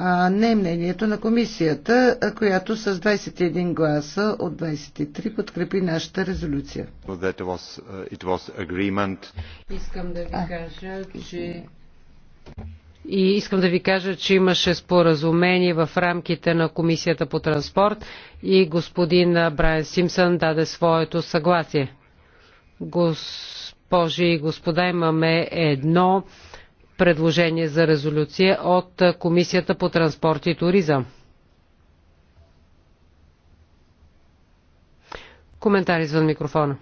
а не е мнението на комисията, която с 21 гласа от 23 подкрепи нашата резолюция. was, uh, it was искам да ви кажа, че и искам да ви кажа, че имаше споразумение в рамките на Комисията по транспорт и господин Брайан Симсън даде своето съгласие. Госпожи и господа, имаме едно предложение за резолюция от Комисията по транспорт и туризъм. Коментар извън микрофона.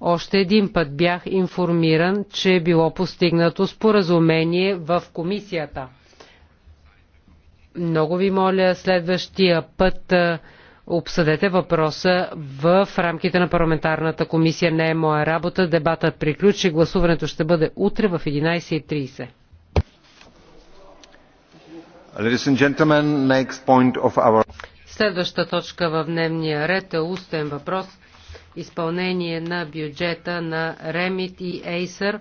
Още един път бях информиран, че е било постигнато споразумение в комисията. Много ви моля следващия път обсъдете въпроса в рамките на парламентарната комисия. Не е моя работа. Дебатът приключи. Гласуването ще бъде утре в 11.30. Следваща точка в дневния ред е устен въпрос. Изпълнение на бюджета на Ремит и Acer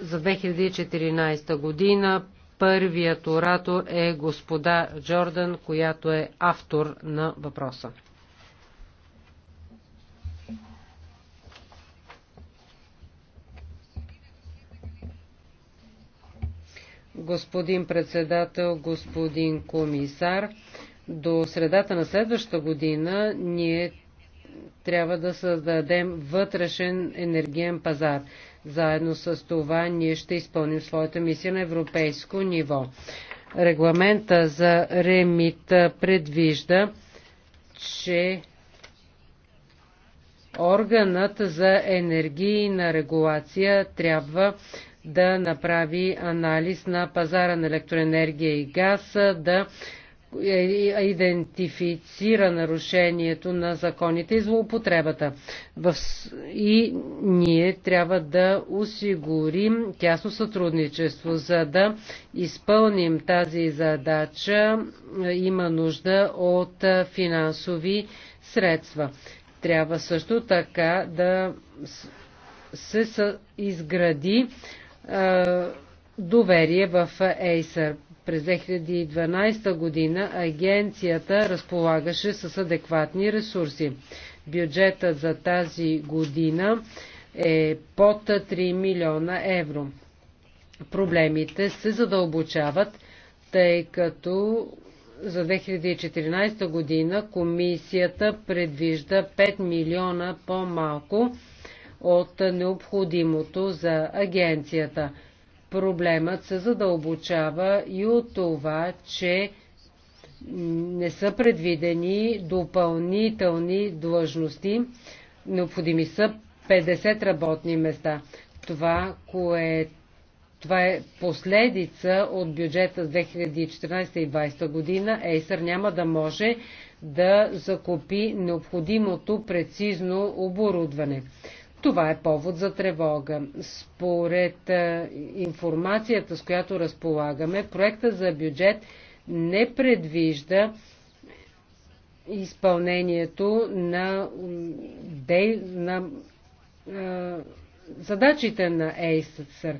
за 2014 година. Първият оратор е господа Джордан, която е автор на въпроса. Господин председател, господин комисар, до средата на следващата година ние трябва да създадем вътрешен енергиен пазар. Заедно с това ние ще изпълним своята мисия на европейско ниво. Регламента за ремит предвижда, че органът за енергийна регулация трябва да направи анализ на пазара на електроенергия и газ, да е идентифицира нарушението на законите и злоупотребата. И ние трябва да осигурим тясно сътрудничество. За да изпълним тази задача, има нужда от финансови средства. Трябва също така да се изгради доверие в Acer. През 2012 година агенцията разполагаше с адекватни ресурси. Бюджета за тази година е под 3 милиона евро. Проблемите се задълбочават, тъй като за 2014 година комисията предвижда 5 милиона по-малко от необходимото за агенцията. Проблемът се задълбочава и от това, че не са предвидени допълнителни длъжности. Необходими са 50 работни места. Това, кое, това е последица от бюджета с 2014 и 2020 година. Ейсър няма да може да закупи необходимото прецизно оборудване. Това е повод за тревога. Според информацията, с която разполагаме, проекта за бюджет не предвижда изпълнението на, дей, на а, задачите на ЕССР.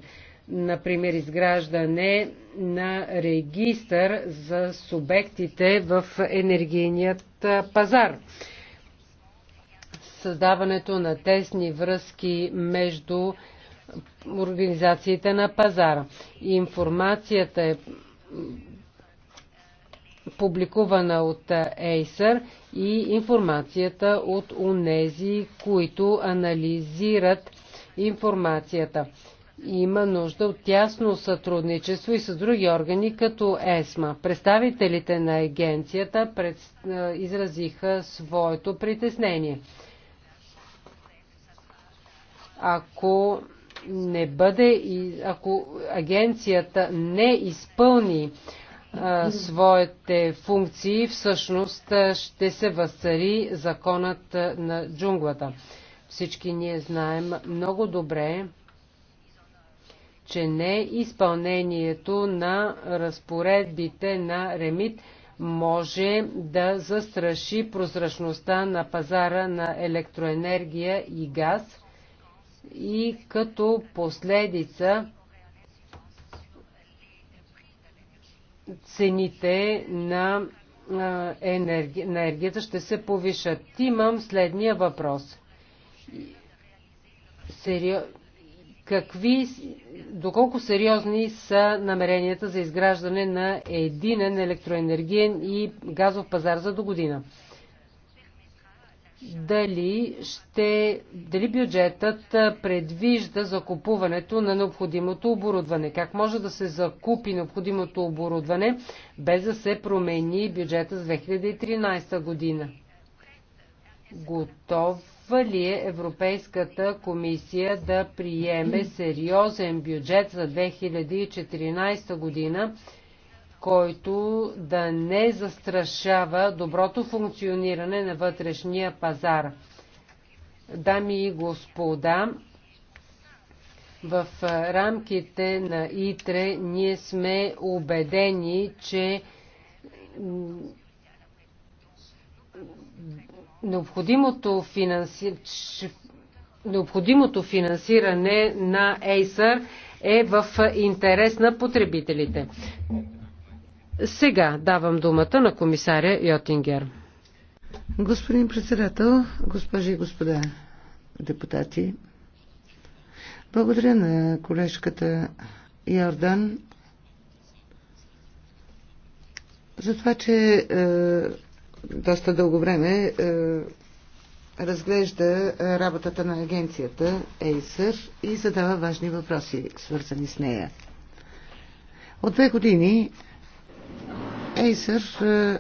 Например, изграждане на регистър за субектите в енергийният пазар създаването на тесни връзки между организациите на пазара. Информацията е публикувана от Acer и информацията от унези, които анализират информацията. Има нужда от тясно сътрудничество и с други органи, като ЕСМА. Представителите на агенцията пред... изразиха своето притеснение. Ако не бъде, ако агенцията не изпълни а, своите функции, всъщност ще се възцари законът на джунглата. Всички ние знаем много добре, че не изпълнението на разпоредбите на ремит може да застраши прозрачността на пазара на електроенергия и газ – и като последица цените на, енергията ще се повишат. Имам следния въпрос. Сериоз... Какви, доколко сериозни са намеренията за изграждане на единен електроенергиен и газов пазар за до година? дали, ще, дали бюджетът предвижда закупуването на необходимото оборудване. Как може да се закупи необходимото оборудване, без да се промени бюджета за 2013 година? Готова ли е Европейската комисия да приеме сериозен бюджет за 2014 година? който да не застрашава доброто функциониране на вътрешния пазар. Дами и господа, в рамките на ИТРЕ ние сме убедени, че необходимото, финанси... необходимото финансиране на Ейсър е в интерес на потребителите. Сега давам думата на комисаря Йотингер. Господин председател, госпожи и господа депутати, благодаря на колежката Йордан за това, че е, доста дълго време е, разглежда работата на агенцията Acer и задава важни въпроси, свързани с нея. От две години Ейсър е,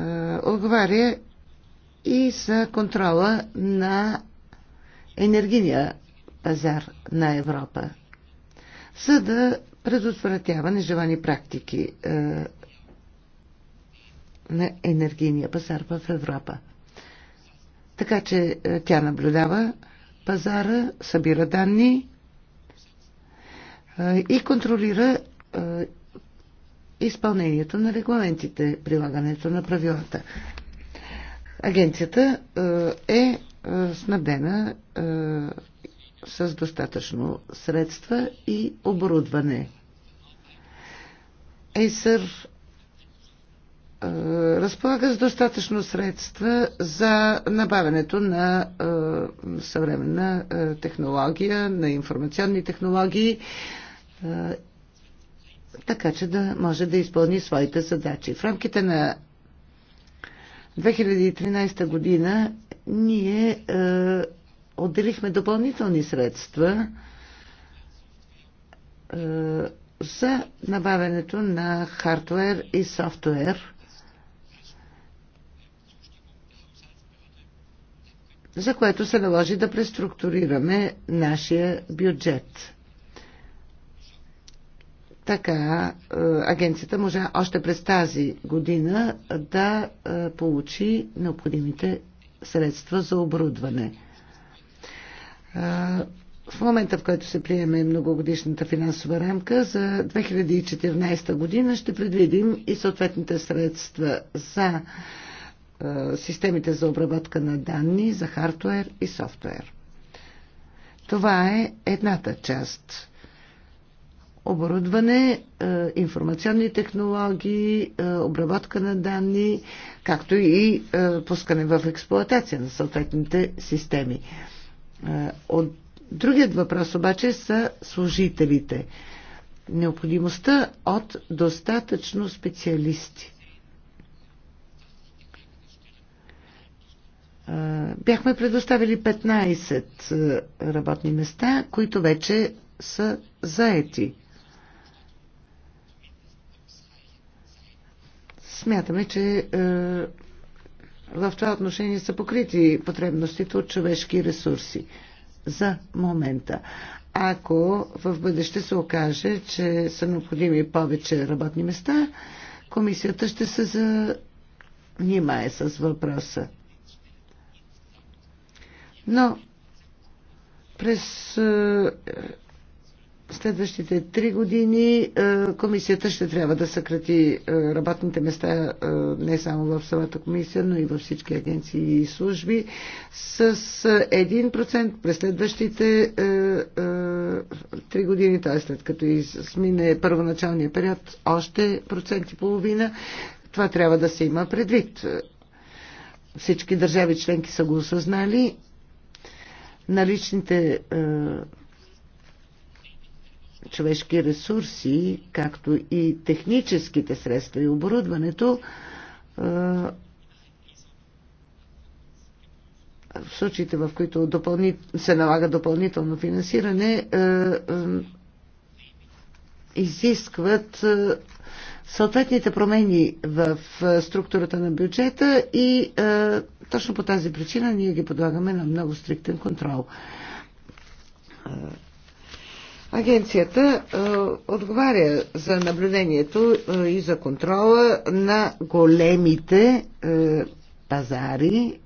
е, отговаря и за контрола на енергийния пазар на Европа, за да предотвратява нежелани практики е, на енергийния пазар в Европа. Така че е, тя наблюдава пазара, събира данни е, и контролира е, изпълнението на регламентите, прилагането на правилата. Агенцията е, е снабдена е, с достатъчно средства и оборудване. Acer е, разполага с достатъчно средства за набавянето на съвременна технология, на информационни технологии така че да може да изпълни своите задачи. В рамките на 2013 година ние е, отделихме допълнителни средства е, за набавянето на хардвер и софтуер, за което се наложи да преструктурираме нашия бюджет. Така е, агенцията може още през тази година да е, получи необходимите средства за оборудване. Е, в момента, в който се приеме многогодишната финансова рамка за 2014 година, ще предвидим и съответните средства за системите за обработка на данни, за хардуер и софтуер. Това е едната част оборудване, е, информационни технологии, е, обработка на данни, както и е, пускане в експлоатация на съответните системи. От другият въпрос обаче са служителите. Необходимостта от достатъчно специалисти. Бяхме предоставили 15 работни места, които вече са заети. Смятаме, че е, в това отношение са покрити потребностите от човешки ресурси за момента. Ако в бъдеще се окаже, че са необходими повече работни места, комисията ще се занимае с въпроса. Но през е, следващите три години е, комисията ще трябва да съкрати е, работните места е, не само в самата комисия, но и във всички агенции и служби с 1% през следващите три години, т.е. след като измине първоначалния период още процент и половина. Това трябва да се има предвид. Всички държави членки са го осъзнали. Наличните човешки ресурси, както и техническите средства и оборудването, в случаите, в които се налага допълнително финансиране, изискват съответните промени в структурата на бюджета и точно по тази причина ние ги подлагаме на много стриктен контрол. Агенцията е, отговаря за наблюдението е, и за контрола на големите е, пазари,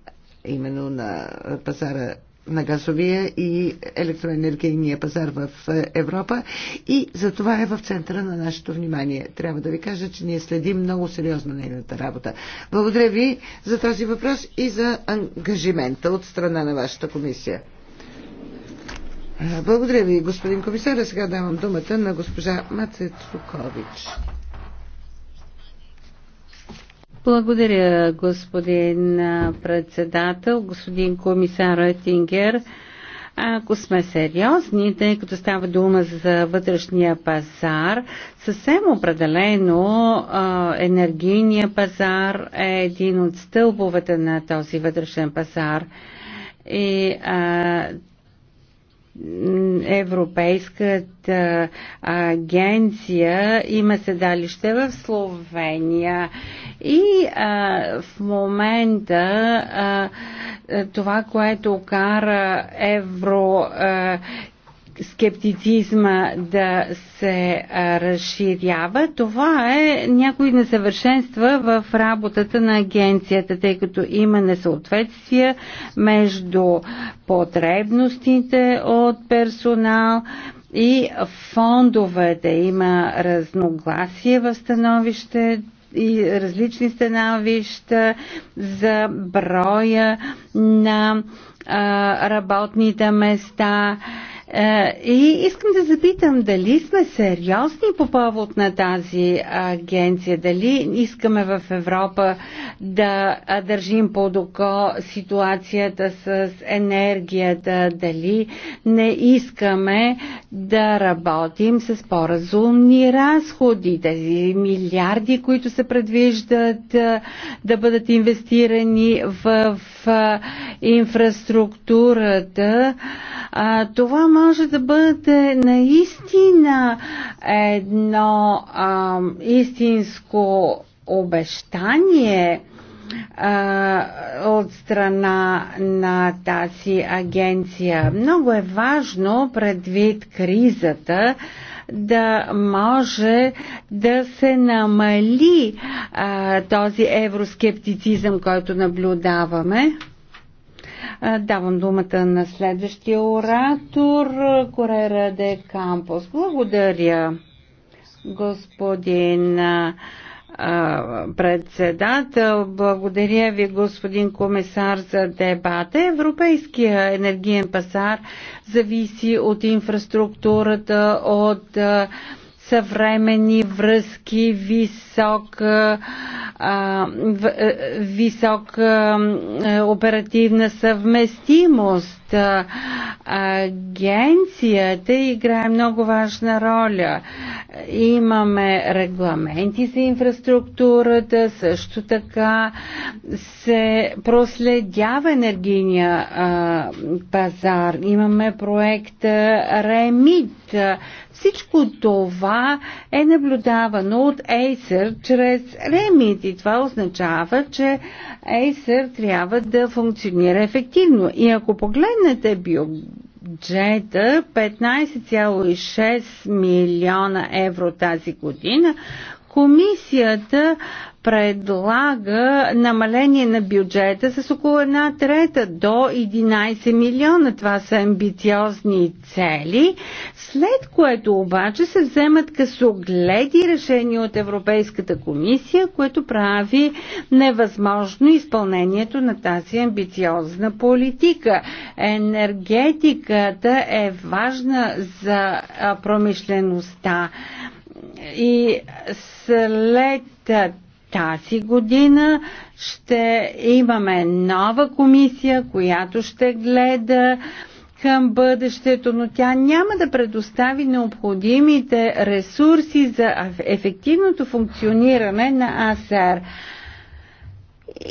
именно на пазара на газовия и електроенергийния пазар в е, Европа и за това е в центъра на нашето внимание. Трябва да ви кажа, че ние следим много сериозно нейната работа. Благодаря ви за този въпрос и за ангажимента от страна на вашата комисия. Благодаря ви, господин комисар. Сега давам думата на госпожа Мацецукович. Благодаря, господин председател, господин комисар Тингер. Ако сме сериозни, тъй като става дума за вътрешния пазар, съвсем определено енергийния пазар е един от стълбовете на този вътрешен пазар. И а, Европейската агенция има седалище в Словения и а, в момента а, това, което кара Евро а, скептицизма да се разширява. Това е някои несъвършенства в работата на агенцията, тъй като има несъответствия между потребностите от персонал и фондовете. Има разногласие в становище и различни становища за броя на работните места е, и искам да запитам дали сме сериозни по повод на тази агенция, дали искаме в Европа да държим под око ситуацията с енергията, дали не искаме да работим с по-разумни разходи, тези милиарди, които се предвиждат е, да бъдат инвестирани в е, инфраструктурата. Това може да бъде наистина едно а, истинско обещание а, от страна на тази агенция. Много е важно предвид кризата да може да се намали а, този евроскептицизъм, който наблюдаваме. Давам думата на следващия оратор, Корера де Кампос. Благодаря, господин председател. Благодаря ви, господин комисар, за дебата. Европейския енергиен пазар зависи от инфраструктурата, от съвремени връзки, висок, а, в, висок а, оперативна съвместимост. Агенцията играе много важна роля. Имаме регламенти за инфраструктурата, също така се проследява енергийния пазар. Имаме проект Ремит. Всичко това е наблюдавано от Acer чрез Remit и това означава, че Acer трябва да функционира ефективно. И ако погледнете бюджета 15,6 милиона евро тази година, Комисията предлага намаление на бюджета с около една трета до 11 милиона. Това са амбициозни цели, след което обаче се вземат късогледи решения от Европейската комисия, което прави невъзможно изпълнението на тази амбициозна политика. Енергетиката е важна за промишлеността и след тази година ще имаме нова комисия, която ще гледа към бъдещето, но тя няма да предостави необходимите ресурси за ефективното функциониране на АСЕР.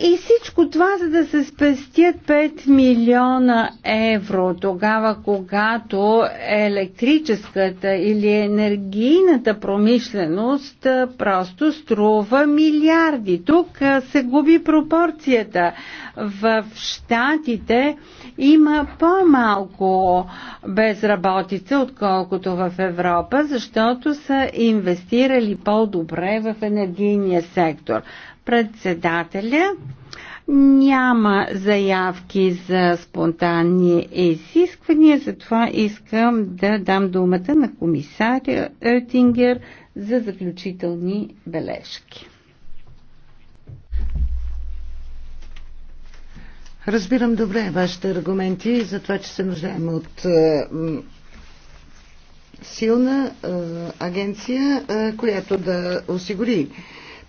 И всичко това, за да се спестят 5 милиона евро, тогава когато електрическата или енергийната промишленост просто струва милиарди. Тук се губи пропорцията. В Штатите има по-малко безработица, отколкото в Европа, защото са инвестирали по-добре в енергийния сектор. Председателя няма заявки за спонтанни изисквания, затова искам да дам думата на комисаря Ертингер за заключителни бележки. Разбирам добре вашите аргументи за това, че се нуждаем от е, силна е, агенция, е, която да осигури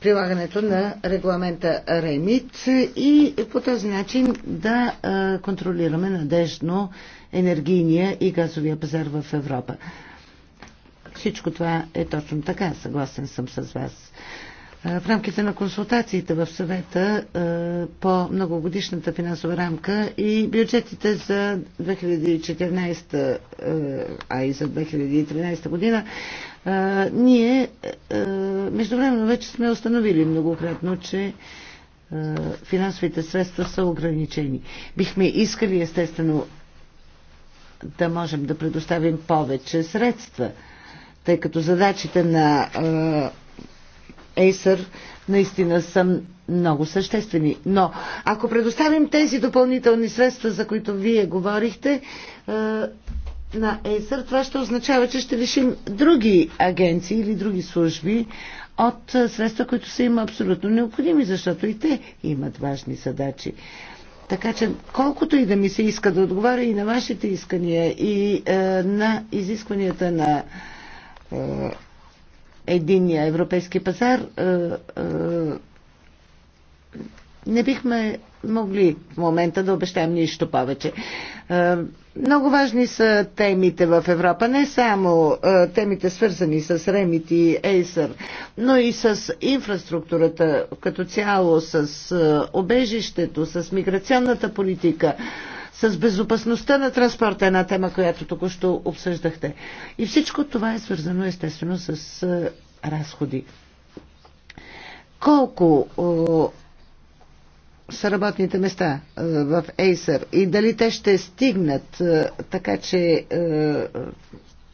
прилагането на регламента РЕМИТ и по този начин да контролираме надежно енергийния и газовия пазар в Европа. Всичко това е точно така, съгласен съм с вас. В рамките на консултациите в съвета по многогодишната финансова рамка и бюджетите за 2014, а и за 2013 година, ние междувременно вече сме установили многократно, че финансовите средства са ограничени. Бихме искали естествено да можем да предоставим повече средства, тъй като задачите на Acer наистина са много съществени. Но ако предоставим тези допълнителни средства, за които вие говорихте, е, на Acer, това ще означава, че ще лишим други агенции или други служби от е, средства, които са им абсолютно необходими, защото и те имат важни задачи. Така че, колкото и да ми се иска да отговаря и на вашите искания, и е, на изискванията на е, единния европейски пазар, е, е, не бихме могли в момента да обещаем нищо повече. Е, много важни са темите в Европа, не само темите свързани с Ремит и Ейсър, но и с инфраструктурата като цяло, с обежището, с миграционната политика с безопасността на транспорта, една тема, която току-що обсъждахте. И всичко това е свързано естествено с разходи. Колко са работните места в Acer и дали те ще стигнат така, че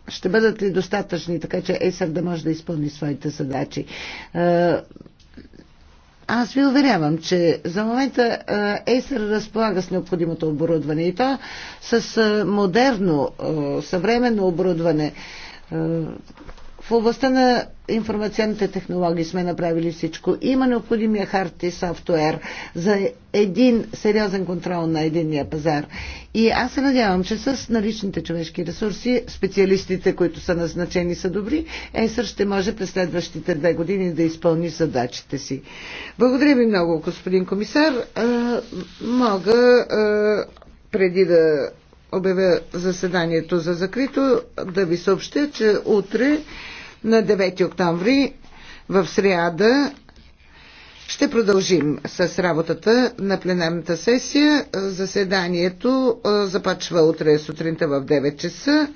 ще бъдат ли достатъчни, така че Acer да може да изпълни своите задачи. Аз ви уверявам, че за момента ЕСР разполага с необходимото оборудване и то с модерно, съвременно оборудване в областта на информационните технологии сме направили всичко. Има необходимия хард и софтуер за един сериозен контрол на единния пазар. И аз се надявам, че с наличните човешки ресурси, специалистите, които са назначени, са добри, ЕСР ще може през следващите две години да изпълни задачите си. Благодаря ви много, господин комисар. мога, преди да обявя заседанието за закрито, да ви съобщя, че утре на 9 октомври в среда ще продължим с работата на пленарната сесия. Заседанието започва утре сутринта в 9 часа.